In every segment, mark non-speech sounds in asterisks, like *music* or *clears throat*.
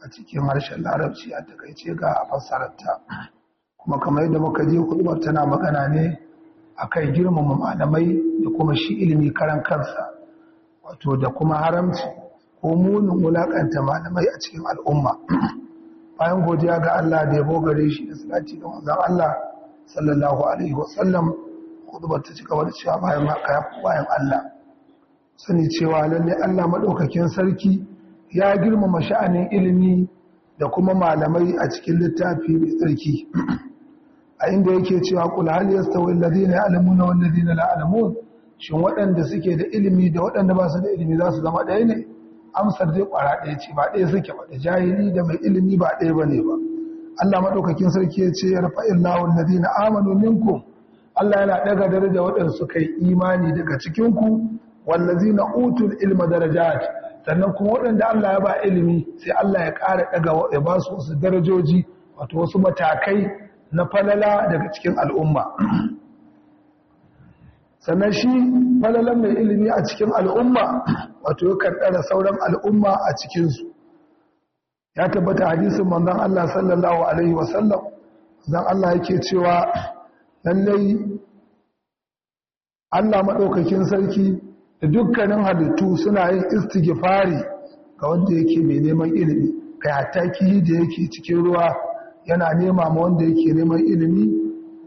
a cikin harshen larabci a takaice ga fassararta kuma kamar yadda muka je hudubar tana magana ne a kai girmama malamai da kuma shi ilimi karan kansa wato da kuma haramci ko munin wulaƙanta malamai a cikin al'umma bayan godiya ga Allah da ya gare shi da salati ga manzon Allah sallallahu alaihi wasallam hudubar ta cika wani cewa bayan haka bayan Allah sani cewa lalle Allah maɗaukakin sarki ya girmama sha'anin ilimi da kuma malamai a cikin littafi mai tsarki a inda yake cewa kula hal yastawi alamu na wal ladina na alamu? shin waɗanda suke da ilimi da waɗanda ba su da ilimi za su zama ɗaya ne amsar zai ƙwara ɗaya ce ba ɗaya suke ba da jahili da mai ilimi ba ɗaya bane ba Allah maɗaukakin sarki ya ce ya yarfa'illahu alladhina amanu ninku. Allah yana ɗaga daraja waɗanda suka yi imani daga cikinku wallazina utul ilma darajat sannan kuma waɗanda Allah ya ba ilimi sai Allah ya ƙara ɗaga ya ba su wasu darajoji wato wasu matakai na falala daga cikin al'umma sannan shi falalan mai ilimi a cikin al'umma wato yakan da sauran al'umma a cikinsu ya tabbata hadisin manzan Allah sallallahu alaihi wasallam zan Allah yake cewa lallai Allah maɗaukakin sarki da dukkanin halittu suna yin istighfari ga wanda yake mai neman ilimi kai hatta da yake cikin ruwa yana nema ma wanda yake neman ilimi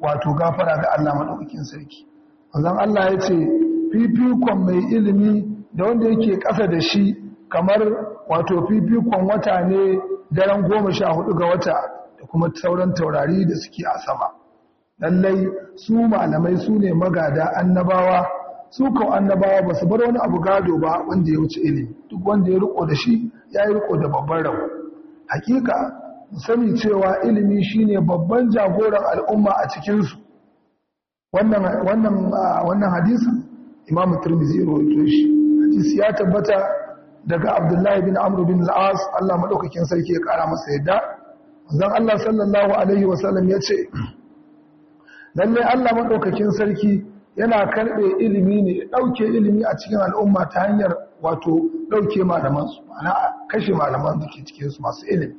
wato gafara ga Allah madaukakin sarki manzon Allah ya ce fifikon mai ilimi da wanda yake ƙasa da shi kamar wato fifikon wata ne daren goma sha hudu ga wata da kuma sauran taurari da suke a sama lallai su malamai su ne magada annabawa su ko annabawa ba su bar wani abu gado ba wanda ya wuce ilimi duk wanda ya riko da shi ya yi riko da babban rawa hakika sani cewa ilimi shine babban jagoran al'umma a cikinsu wannan hadisun imamu turmizi rohoto shi hadisi ya tabbata daga abdullahi bin amru bin la'as allah maɗaukakin sarki ya ƙara masa yadda zan allah sallallahu alaihi wasallam ya ce lallai allah maɗaukakin sarki yana karɓe ilimi ne ɗauke ilimi a cikin al'umma ta hanyar wato ɗauke malamansu mana kashe malaman da ke cikinsu masu ilimi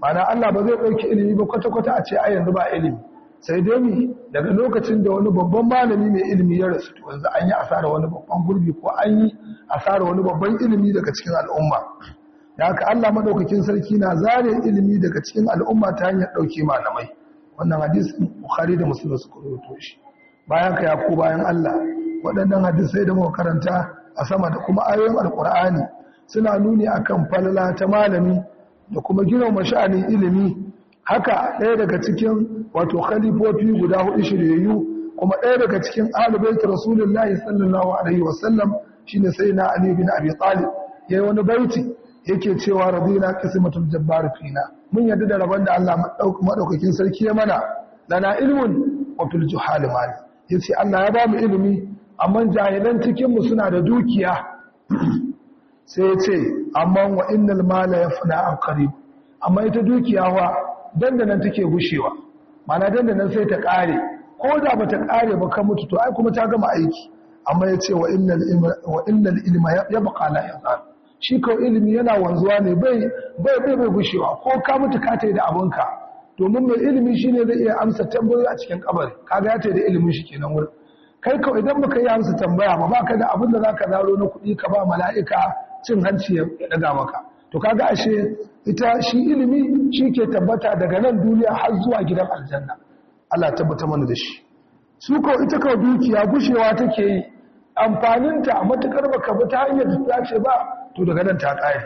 mana Allah ba zai ɗauke ilimi ba kwata-kwata a ce a yanzu ba ilimi sai dai mi daga lokacin da wani babban malami mai ilimi ya rasu to yanzu an yi asara wani babban gurbi ko an yi asara wani babban ilimi daga cikin al'umma da haka Allah madaukakin sarki na zare ilimi daga cikin al'umma ta hanyar ɗauke malamai wannan hadisin Bukhari da Muslim suka rawaito shi bayan ka ya ku bayan Allah waɗannan hadisai da muka karanta a sama da kuma ayoyin alkur'ani suna nuni akan falala ta malami da kuma gina sha'anin ilimi haka ɗaya daga cikin wato khalifofi guda hudu shiryayyu kuma ɗaya daga cikin ahlubait rasulullahi sallallahu alaihi wasallam shine sayyidina ali bin abi talib yayi wani baiti yake cewa radina qismatul jabbar fina mun yarda da rabon da Allah madaukakin sarki ya mana lana ilmun wa fil juhal mali ya Allah ya ba mu ilimi amma jahilan cikinmu suna da dukiya *clears throat* sai ya ce amma wa innal mala ya fada a amma ita dukiya wa dandanan take gushewa mana dandanan sai ta kare ko da ba ta kare ba ka mutu to ai kuma ta gama aiki amma ya ce wa innal ilma ya baka la yazar shi kawai ilimi yana wanzuwa ne bai bai bai gushewa ko ka mutu ka tai da abinka domin mai ilimi shine zai iya amsa tambayoyi a cikin kabari kaga ya da ilimin shi kenan wurin kai kawai idan baka yi amsa tambaya ba baka da abin da zaka zaro na kuɗi ka ba mala'ika cin hanci ya daga maka to kaga ashe ita shi ilimi shi ke tabbata daga nan duniya har zuwa gidan aljanna Allah tabbata mana da shi su ko ita kawai dukiya gushewa take yi amfanin amfaninta matukar baka bi ta hanyar da ce ba to daga nan ta kai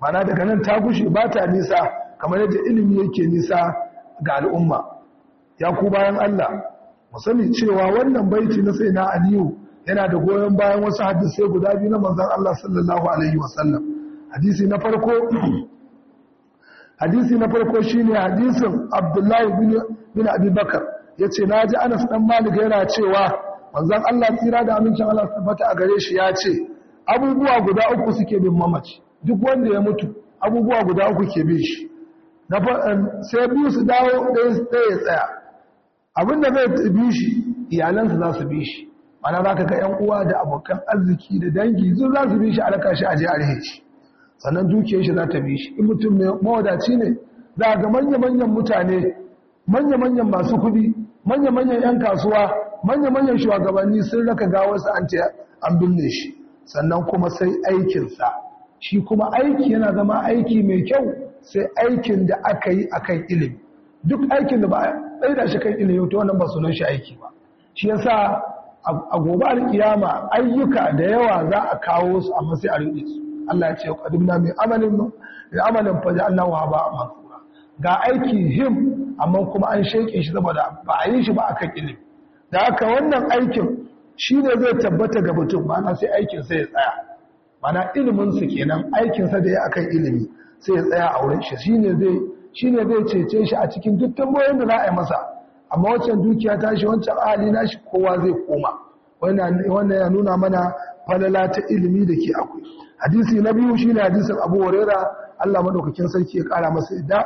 mana daga nan ta gushe ba ta nisa kamar yadda ilimi yake nisa ga al'umma ya ku bayan Allah sani cewa wannan baiti na sai na aliyu yana da goyon bayan wasu hadisai guda biyu na manzan Allah sallallahu alaihi wasallam hadisi na farko *clears throat* hadisi na shine hadisin abdullahi bin abubakar ya ce na ji anas dan malik yana cewa manzan Allah tsira da amincin Allah tabbata a gare shi ya ce abubuwa guda uku suke bin mamaci duk wanda ya mutu abubuwa guda uku ke bin shi na sai biyu su dawo ɗaya su ɗaya tsaya abinda zai tabi shi iyalansa za su bi shi mana za ka ga ‘yan uwa da abokan arziki da dangi zuwa za su bi shi alaka shi a jihar a sannan dukiyar shi za ta bi shi in mutum mai mawadaci ne za ga manya-manyan mutane manya-manyan masu kuɗi manya-manyan 'yan kasuwa manya-manyan shugabanni sun raka gawarsa an ce an binne shi sannan kuma sai aikinsa shi kuma aiki yana zama aiki mai kyau sai aikin da aka yi a kan ilimi duk aikin da ba a tsaida shi kan ilimi ta wannan ba shi aiki ba shi ya sa a gobe alkiyama ayyuka da yawa za a kawo su amma sai a su Allah ya ce na mai amalin da amalin fa ja'alna wa ba mafura ga aiki him amma kuma an sheke shi saboda ba a yi shi ba a kan ilimi da aka wannan aikin shi ne zai tabbata ga mutum ma'ana sai aikin sai ya tsaya mana iliminsa kenan aikinsa da ya akan ilimi sai ya tsaya a wurin shi shine zai shine zai cece shi a cikin duk tambayoyin da za a yi masa amma wancan dukiya ta shi wancan ali na shi kowa zai koma wannan ya nuna mana falala ta ilimi da ke akwai hadisi na biyu shine hadisin Abu warera Allah madaukakin sarki ya kara masa idda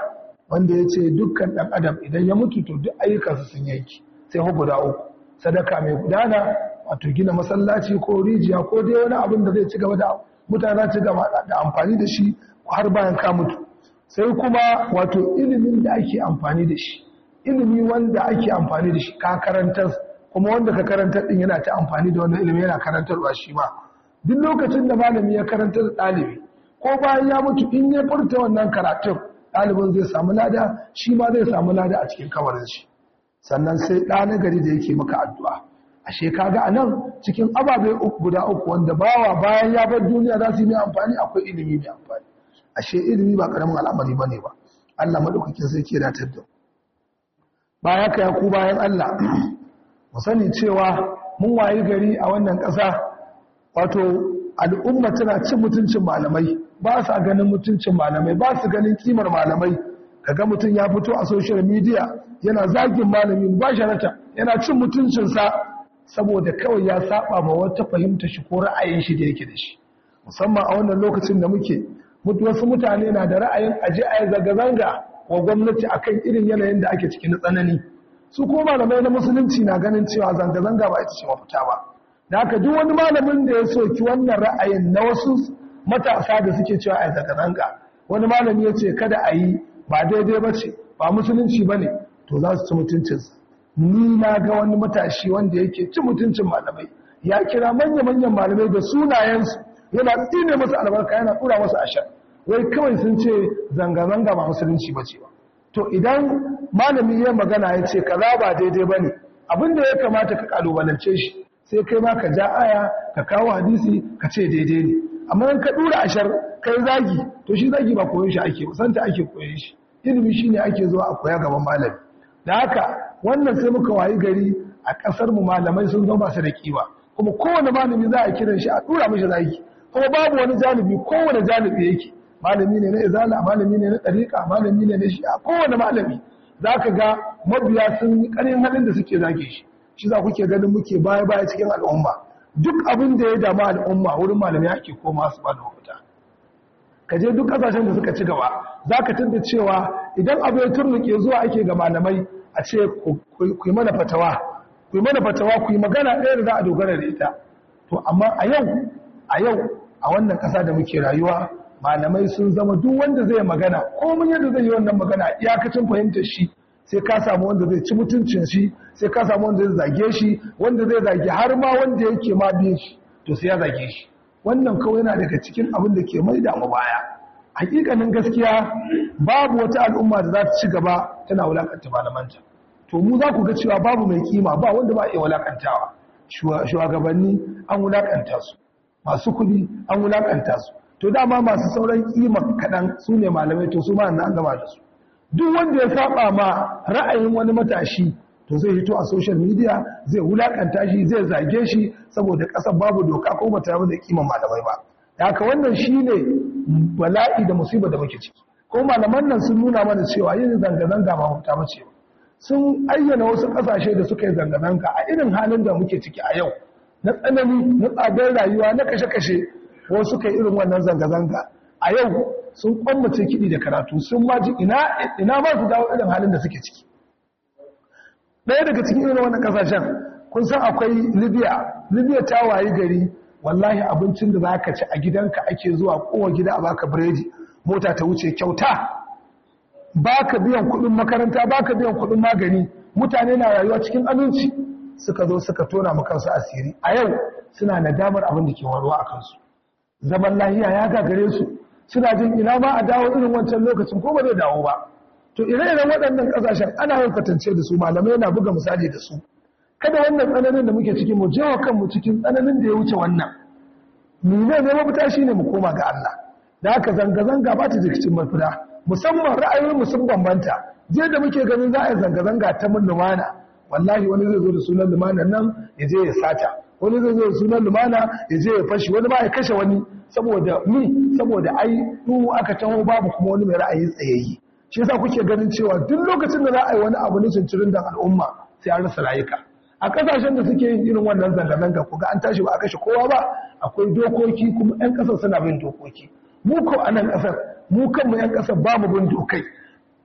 wanda ya ce dukkan dan adam idan ya mutu to duk ayyukansa sun yanki sai hu guda uku sadaka mai gudana wato gina masallaci ko rijiya ko dai wani abin da zai ci gaba da mutane ci gaba da amfani da shi har bayan ka mutu sai kuma wato ilimin da ake amfani da shi ilimi wanda ake amfani da shi ka karantar kuma wanda ka karantar din yana ta amfani da wannan ilimi yana karantarwa shi ma duk lokacin da malami ya karantar da ɗalibi ko bayan ya mutu in ya furta wannan karatun dalibin zai samu lada shi ma zai samu lada a cikin kawarin shi sannan sai ɗa na gari da yake maka addu'a A kaga a nan cikin ababe guda uku wanda bawa bayan ya bar duniya za su yi amfani akwai ilimi mai amfani ashe ilimi ba karamin al'amari ba ne ba allah maɗaukakin sai ke datar da baya ka ku bayan allah *clears throat* mu sani cewa mun wayi gari a wannan ƙasa wato al'umma tana cin mutuncin malamai ba su ganin mutuncin malamai ba su ganin kimar malamai kaga mutum ya fito a social media yana zagin malamin, ba sharata yana cin mutuncinsa saboda kawai ya saba ma wata fahimta shi ko ra'ayin shi da yake da shi musamman a wannan lokacin da muke mutu wasu mutane na da ra'ayin aje a zanga-zanga wa gwamnati akan irin yanayin da ake cikin tsanani su ko malamai na musulunci na ganin cewa zanga-zanga ba ita ce mafita ba da haka duk wani malamin da ya soki wannan ra'ayin na wasu matasa da suke cewa a zanga-zanga wani malami ya ce kada a yi ba daidai ba ce ba musulunci ba ne to za su ci mutuncinsa ni na ga wani matashi wanda yake ci mutuncin malamai ya kira manya-manyan malamai da sunayensu yana tsine masu albarka yana tura masa ashar wai kawai sun ce zanga-zanga ba musulunci ba ce ba to idan malami ya magana ya ce kaza ba daidai ba ne abin da ya kamata ka kalubalance shi sai kai ma ka ja aya ka kawo hadisi ka ce daidai ne amma in ka dura ashar kai zagi to shi zagi ba koyon shi ake santa ake koyon shi ilimi ne ake zuwa a koya gaban malami da haka wannan sai muka wayi gari a ƙasar mu malamai sun zama su da kiwa kuma kowane malami za a kiran shi a dura mashi zagi kuma babu wani janibi kowane janibi yake malami ne na izala malami ne na ɗariƙa malami ne na shi'a kowane malami za ka ga mabiya sun yi karin halin da suke zage shi shi za kuke ganin muke baya baya cikin al'umma duk abin da ya dama al'umma wurin malami ake koma su ba da mafita ka je duk ƙasashen da suka ci gaba za ka tunda cewa idan abu ya turnuke zuwa ake ga malamai a ce ku yi mana fatawa ku yi mana fatawa ku yi magana ɗaya da za a dogara da ita to amma a yau a yau a wannan ƙasa da muke rayuwa malamai sun zama duk wanda zai magana ko mun yadda zai yi wannan magana iyakacin fahimtar shi sai ka samu wanda zai ci mutuncin shi sai ka samu wanda zai zage shi wanda zai zage har ma wanda yake ma biye shi to sai ya zage shi wannan kawai yana daga cikin abin da ke mai damu baya hakikanin gaskiya babu wata al'umma da za ta ci gaba tana wulakanta malamanta to mu za ku ga cewa babu mai kima ba wanda ba iya wulakantawa shugabanni an wulakanta su masu kuɗi an wulakanta su to dama masu sauran kima kaɗan su ne malamai to su ma na gaba da su duk wanda ya saba ma ra'ayin wani matashi to zai hito a social media zai wulakanta shi zai zage shi saboda ƙasar babu doka ko ta yi da kima malamai ba haka wannan shine bala'i da musiba da muke ciki ko malaman nan sun nuna mana cewa yin zanga-zanga ba huta mace ba sun ayyana wasu ƙasashe da suka yi zanga-zanga a irin halin da muke ciki a yau na tsanani na tsadar rayuwa na kashe-kashe ko suka irin wannan zanga-zanga a yau sun kwammace kiɗi da karatu sun maji ina ba su dawo irin halin da suke ciki ɗaya daga cikin irin wannan ƙasashen kun san akwai libya libya ta wayi gari wallahi abincin da za ka ci a gidanka ake zuwa kowa gida a baka biredi mota ta wuce kyauta Ba ka biyan kuɗin makaranta ba ka biyan kuɗin magani mutane na rayuwa cikin abinci, suka zo suka tona mu kansu asiri a yau suna nadamar abin da ke waruwa a kansu zaman lahiya ya gagare su suna jin ina ma a dawo irin wancan lokacin ko ba zai dawo ba to ire-iren waɗannan ƙasashen ana yin fatance da su malamai na buga misali da su kada wannan tsananin da muke ciki mu jewa kanmu cikin tsananin da ya wuce wannan mu ne zama shi ne mu koma ga Allah da haka zanga-zanga ba ta jikin mafita musamman mu sun bambanta je da muke ganin za a yi zanga-zanga ta mun lumana wallahi wani zai zo da sunan lumanan nan ya je ya sata wani zai zai sunan lumana ya je ya fashi wani ba ya kashe wani saboda ni saboda ai duhu aka taho babu kuma wani mai ra'ayi tsayayye shi yasa kuke ganin cewa duk lokacin da za a yi wani abu ne cincirin da al'umma sai an rasa rayuka a kasashen da suke yin irin wannan zanga-zanga ko ga an tashi ba a kashe kowa ba akwai dokoki kuma 'yan kasar suna bin dokoki mu ko a nan kasar mu kanmu 'yan kasar ba mu bin dokai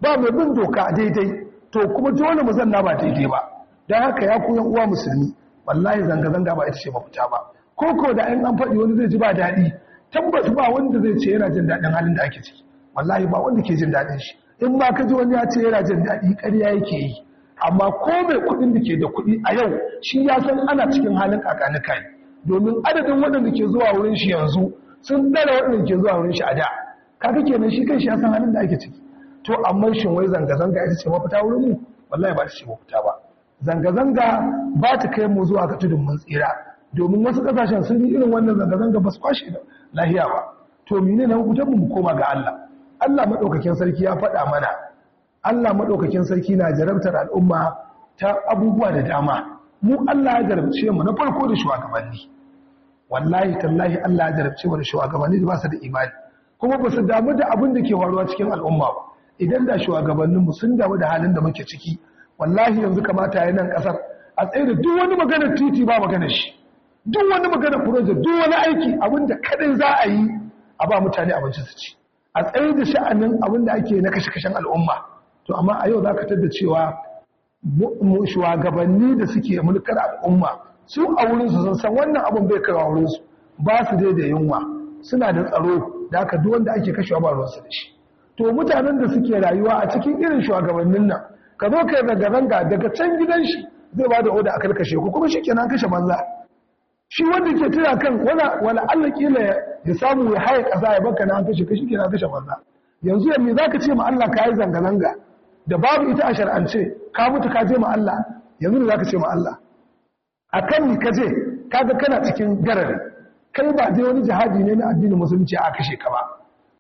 ba mu bin doka daidai to kuma dole mu zanna ba daidai ba don haka ya koyan uwa musulmi wallahi zanga-zanga ba ita ce mafita ba ko ko da an an faɗi wani zai ji ba daɗi tabbas ba wanda zai ce yana jin daɗin halin da ake ciki wallahi ba wanda ke jin daɗin shi in ba ka ji wani ya ce yana jin daɗi ƙarya yake yi amma ko mai kuɗin da ke da kuɗi a yau shi ya san ana cikin halin kakanika ne domin adadin waɗanda ke zuwa wurin shi yanzu sun ɗara waɗanda ke zuwa wurin shi a da Kaka kenan shi kan shi ya san halin da ake ciki to amma shin wai zanga-zanga ita ce mafita wurin mu wallahi ba ta ce mafita ba zanga-zanga ba ta kai mu zuwa ga tudun mun tsira domin wasu kasashen sun yi irin wannan zanga-zanga ba su kwashe da lahiya ba to mine na hukutar mu koma ga Allah Allah madaukakin sarki ya faɗa mana Allah madaukakin sarki na jarabtar al'umma ta abubuwa da dama mu Allah ya jarabce mu na farko da shugabanni wallahi tallahi Allah ya jarabce mu da shugabanni da ba su da imani kuma ba su damu da abin da ke faruwa cikin al'umma ba idan da mu sun damu da halin da muke ciki wallahi yanzu kamata ya nan kasar a tsaye da duk wani magana titi ba magana shi duk wani magana project duk wani aiki abinda kadai za a yi a ba mutane abinci su ci a tsaye da sha'anin abinda ake na kashe-kashen al'umma to amma a yau za ka tadda cewa shugabanni da suke mulkar al'umma su a wurinsu sun san wannan abin bai kai wurinsu ba su dai da yunwa suna da tsaro da aka duk wanda ake kashewa ba ruwansu da shi to mutanen da suke rayuwa a cikin irin shugabannin nan ka zo ka zanga-zanga daga can gidan shi zai ba da oda a karkashe ku kuma shi kenan kashe banza shi wanda ke tura kan wala wala Allah kila ya samu ya haye kasa ya baka na kashe kashi kenan kashe banza yanzu ya me zaka ce ma Allah ka yi zanga-zanga da babu ita a shar'ance ka mutu ka je ma Allah yanzu ne zaka ce ma Allah kan ni ka je kaga kana cikin garari kai ba je wani jihadi ne na addinin musulunci a kashe ka ba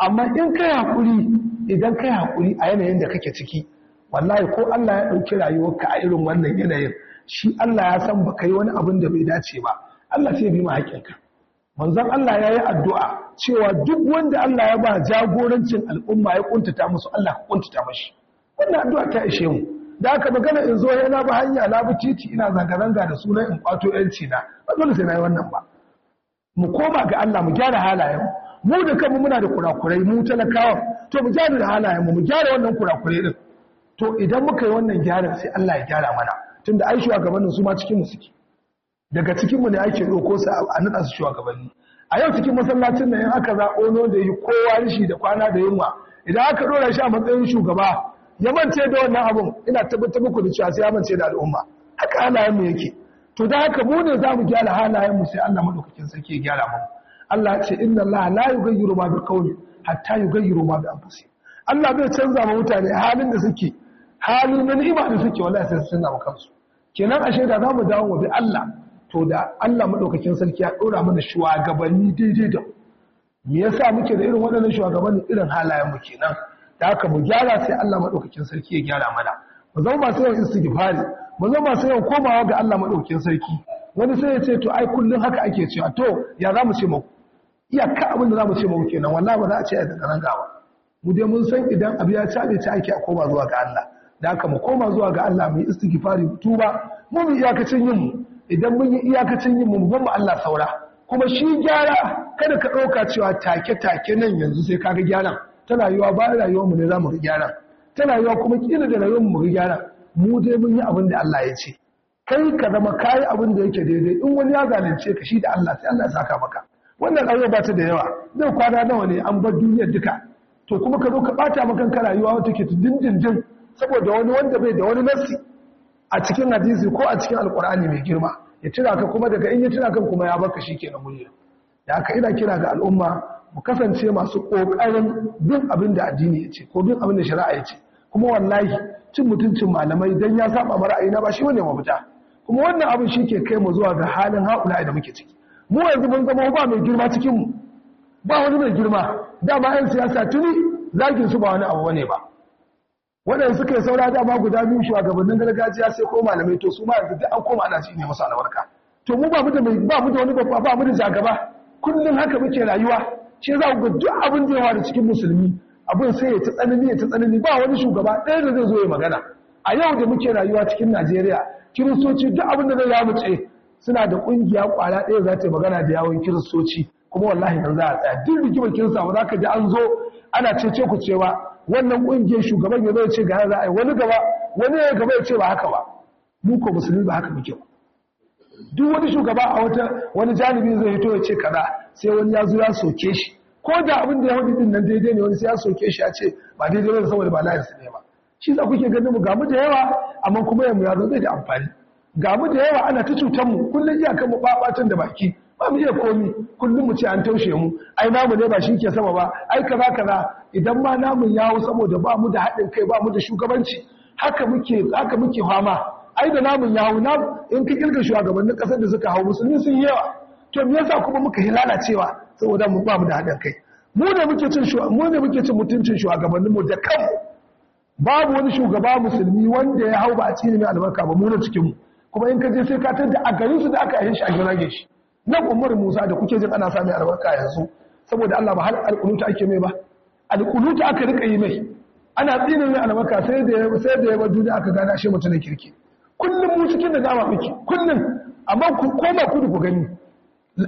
amma in kai hakuri idan kai hakuri a yanayin da kake ciki wallahi ko Allah ya ɗauki rayuwarka a irin wannan yanayin shi Allah ya san baka yi wani abin da bai dace ba Allah sai bi ma ka. manzon Allah ya yi addu'a cewa duk wanda Allah ya ba jagorancin al'umma ya kuntata musu Allah ka kuntata mashi wannan addu'a ta ishe mu da aka magana in zo yana ba hanya na bi titi ina zanga-zanga da sunan in kwato yanci na ba dole sai na yi wannan ba mu koma ga Allah mu gyara halayen mu da kanmu muna da kurakurai mu talakawa to mu gyara halayen mu mu gyara wannan kurakurai din to idan muka yi wannan gyaran sai Allah ya gyara mana tunda ai shugabannin su ma cikinmu mu suke daga cikin mu ne ake doko su a nada su shugabanni a yau cikin masallacin nan in aka zaɓo no da yi kowa rishi da kwana da yunwa idan aka dora shi a matsayin shugaba ya mance da wannan abun ina tabbatar muku da cewa sai ya mance da al'umma haka halayen mu yake to da haka mu ne za mu gyara halayen mu sai Allah madaukakin sarki ya gyara mu Allah ya ce inna Allah la yughayyiru ma bi qawli hatta yughayyiru ma bi anfusihim Allah zai canza ma mutane halin da suke hali na ni'ima da suke wallahi sai sun canza kansu kenan ashe da mu dawo wa bi Allah to da Allah madaukakin sarki ya dora mana shugabanni daidai da me yasa muke da irin waɗannan shugabanni irin halayen mu kenan da haka mu gyara sai Allah madaukakin sarki ya gyara mana mu zama masu yawan istighfari mu zama masu yawan komawa ga Allah madaukakin sarki wani sai ya ce to ai kullun haka ake cewa to ya za mu ce Iya iyaka abin da za mu ce mu kenan wallahi ba za a ce a daga nan gaba mu dai mun san idan abu ya cale ta ake koma zuwa ga Allah da haka mu koma zuwa ga Allah mu yi istighfari tuba mu mu iyakacin yin mu idan mun yi iyakacin yin mu mu mu Allah saura kuma shi gyara kada ka ɗauka cewa take take nan yanzu sai kaga gyaran Tana yiwa ba rayuwar mu ne za mu ga gyaran Tana yiwa kuma kila da rayuwar mu ga gyaran mu dai mun yi abin da Allah ya ce kai ka zama kai abin da yake daidai in wani ya zalunce ka shi da Allah sai Allah ya saka maka wannan ayyuka ba ta da yawa zai kwana nawa ne an bar duniyar duka to kuma ka zo ka bata maka kan rayuwa wata ke dindindin saboda wani wanda bai da wani nasi a cikin hadisi ko a cikin alkur'ani mai girma ya tira ka kuma daga in ya tira kan kuma ya baka shi na murya da aka ina kira ga al'umma mu kasance masu kokarin bin abin da addini ya ce ko bin abin da shari'a ya ce kuma wallahi cin mutuncin malamai dan ya saba mara na ba shi bane mafita kuma wannan abin shi ke kai mu zuwa ga halin haƙula da muke ciki mu yanzu mun zama ba mai girma cikin mu ba wani mai girma dama yan siyasa tuni zagin su ba wani abu bane ba waɗanda suka yi saura dama guda biyu gabanin gargajiya sai ko malamai to su ma yanzu duk an koma ana ci ne masu alawarka to mu ba mu da wani babba ba mu da jagaba kullum haka muke rayuwa ce za ku duk abin da yawa da cikin musulmi abin sai ya ta tsanani ya ta tsanani ba wani shugaba ɗaya da zai zo ya magana a yau da muke rayuwa cikin Najeriya kiristoci duk abin da zai ya mace suna da ƙungiya ƙwara ɗaya za ta magana da yawon kiristoci kuma wallahi nan za a tsaya duk rigimar kin samu za ka ji an zo ana ce ce ku cewa wannan ƙungiyar shugaban ya zo ce ga za a yi wani gaba wani ya gaba ya ce ba haka ba mu ko musulmi ba haka muke ba duk wani shugaba a wata wani janibi zai yi to ya ce kaza sai wani ya zo ya soke shi ko da abin da ya hudu din nan daidai ne wani sai ya soke shi ya ce ba daidai ba saboda ba layin su ne ba shi za kuke ganin mu ga mu da yawa amma kuma yamu ya zo zai da amfani ga mu da yawa ana ta cutar mu kullum iyakan mu babatan da baki ba mu iya komi kullum mu ce an taushe mu ai namu ne ba shi ke sama ba ai kaza kaza idan ma namun yawo saboda ba mu da haɗin kai ba mu da shugabanci haka muke haka muke fama ai da namun yawo na in ka kirga shugabannin ƙasar da suka hau musulmi sun yawa to me yasa kuma muka lalacewa saboda mu ba mu da haɗin kai mu ne muke cin mu ne muke cin mutuncin shugabannin mu da kan babu wani shugaba musulmi wanda ya hau ba a cikin albarka ba mu ne cikin mu kuma in ka je sai ka tada a garin su da aka yi shi a gina shi nan umar musa da kuke jin ana sami albarka yanzu saboda allah ba har alƙunuta ake mai ba alƙunuta aka rika yi mai ana tsinin mai albarka sai da ya sai da ya bar duniya aka gane shi mutum kirki kullum mu cikin da zama muke kullum amma ku koma kudu ku gani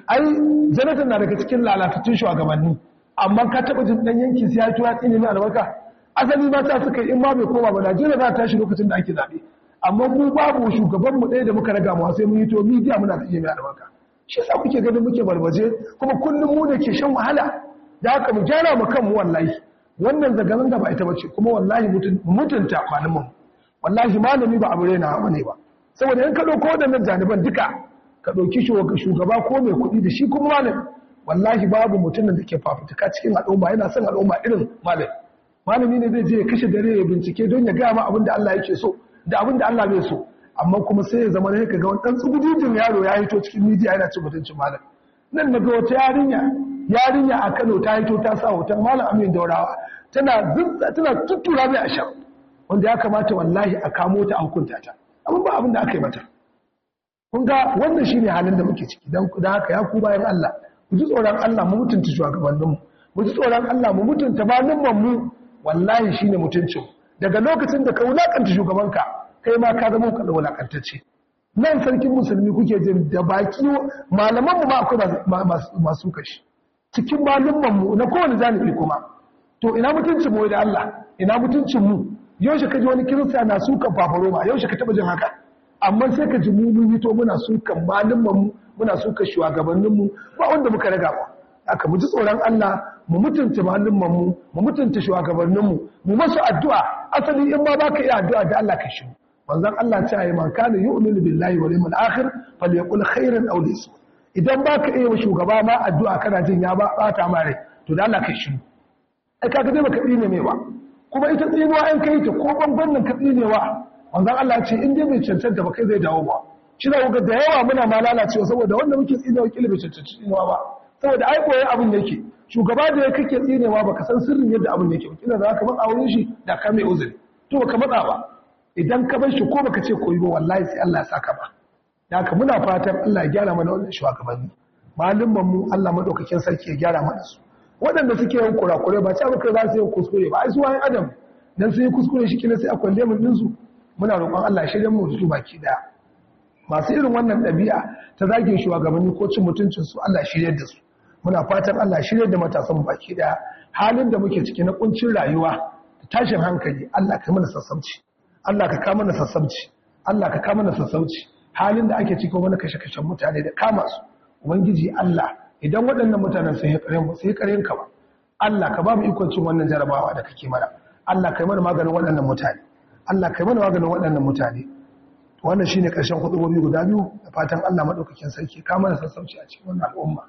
ai janatan na daga cikin lalatattun shugabanni amma ka taɓa jin ɗan yankin sai ya tuwa tsinin mai albarka asali ba ta suka yi in ma bai koma ba najeriya za ta tashi lokacin da ake zabe amma mu babu shugabanmu ɗaya da muka raga mu sai mun yi to media muna ta iya mai albarka shi sa kuke ganin muke barbaje kuma kullum mu da ke shan wahala da haka mu gyara mu kanmu wallahi wannan zagarin da ba ita bace kuma wallahi mutunta malamin wallahi malami ba abu rena bane ba saboda in ka dauko wadannan janiban duka ka dauki shugaba ko mai kuɗi da shi kuma malami wallahi babu mutumin da ke fafutuka cikin al'umma yana son al'umma irin malami malami ne zai je ya kashe dare ya bincike don ya gaya ma abin da Allah yake so da abin da Allah bai so amma kuma sai ya zama ne ka ga wani dan gudujin yaro ya hito cikin midiya yana cin mutuncin malam nan na ga wata yarinya yarinya a Kano ta hito ta sa hoton malam Amin Daurawa tana zuzza tana tuttura mai ashar wanda ya kamata wallahi a kamo ta a hukunta ta amma ba abin da aka yi mata kun ga wannan shine halin da muke ciki dan dan haka ya ku bayan Allah mu ji tsoron Allah mu mutunta shugabannin mu mu ji tsoron Allah mu mutunta malaman mu wallahi shine mutuncin daga lokacin da ka wulakanta shugabanka kai ma ka zama kaɗa ce, nan sarkin musulmi kuke jin da baki malaman mu akwai masu kashi cikin malumman mu na kowane zanibi kuma to ina mutuncin mu da Allah ina mutuncin mu yau shi kaji wani kirista na suka fafaro ma yau shi ka taba jin haka amma sai ka ji mu mun to muna sukan malumman mu muna shi shugabannin mu ba wanda muka raga ba aka mu ji tsoron Allah mu mutunta malumman mu mu mutunta shugabannin mu mu masu addu'a asali in ma baka yi addu'a da Allah ka shi Wanzan Allah ce ayi man kana yu'minu billahi wal yawmil akhir falyaqul khairan aw liyasmut idan baka iya wa shugaba ma addu'a kana jin ya ba bata mare to da Allah kai shi ai kaga dai baka tsine mai ba kuma ita tsinuwa an kai ta ko nan ka tsinewa Wanzan Allah ce in dai bai cancanta ba kai zai dawo ba shi da da yawa muna ma lalacewa saboda wanda muke tsinewa kila bai cancanta tsinewa ba saboda ai koyi abin yake shugaba da ya kake tsinewa baka san sirrin yadda abin yake kila za ka matsa wurin shi da ka mai uzuri to ka matsa ba idan ka bar shi ko baka ce koyi ba wallahi sai Allah ya saka ba da haka muna fatan Allah ya gyara mana wannan shugabanni malumman mu Allah madaukakin sarki ya gyara mana su waɗanda suke yin kurakure ba sai baka za su yi kuskure ba ai su wani adam dan sun yi kuskure shi kina sai a kwalle mu din su muna roƙon Allah shirya mu su baki daya masu irin wannan ɗabi'a ta zagin shugabanni ko cin mutuncin su Allah shirya da su muna fatan Allah shirya da matasan baki daya halin da muke ciki na kuncin rayuwa tashin hankali Allah kai mana sassauci Allah ka kama na sassauci Allah ka kama na sassauci halin da ake ciko wani kashe-kashen mutane da kama su ubangiji Allah idan waɗannan mutanen sun yi ƙarin sun yi ka ba Allah ka ba mu ikon cin wannan jarabawa da kake mana Allah kai mana maganin waɗannan mutane Allah kai mana maganin waɗannan mutane wannan shine ƙarshen hudubobi guda biyu da fatan Allah madaukakin sarki ya kama na sassauci a cikin wannan al'umma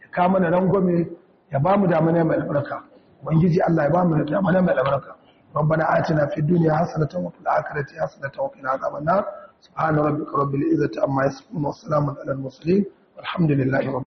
ya kama na rangwame ya ba mu damana mai albarka ubangiji Allah ya ba mu damana mai albarka ربنا آتنا في الدنيا حسنة وفي الآخرة حسنة وقنا عذاب النار سبحان ربك رب العزة عما يصفون وسلام على المرسلين والحمد لله رب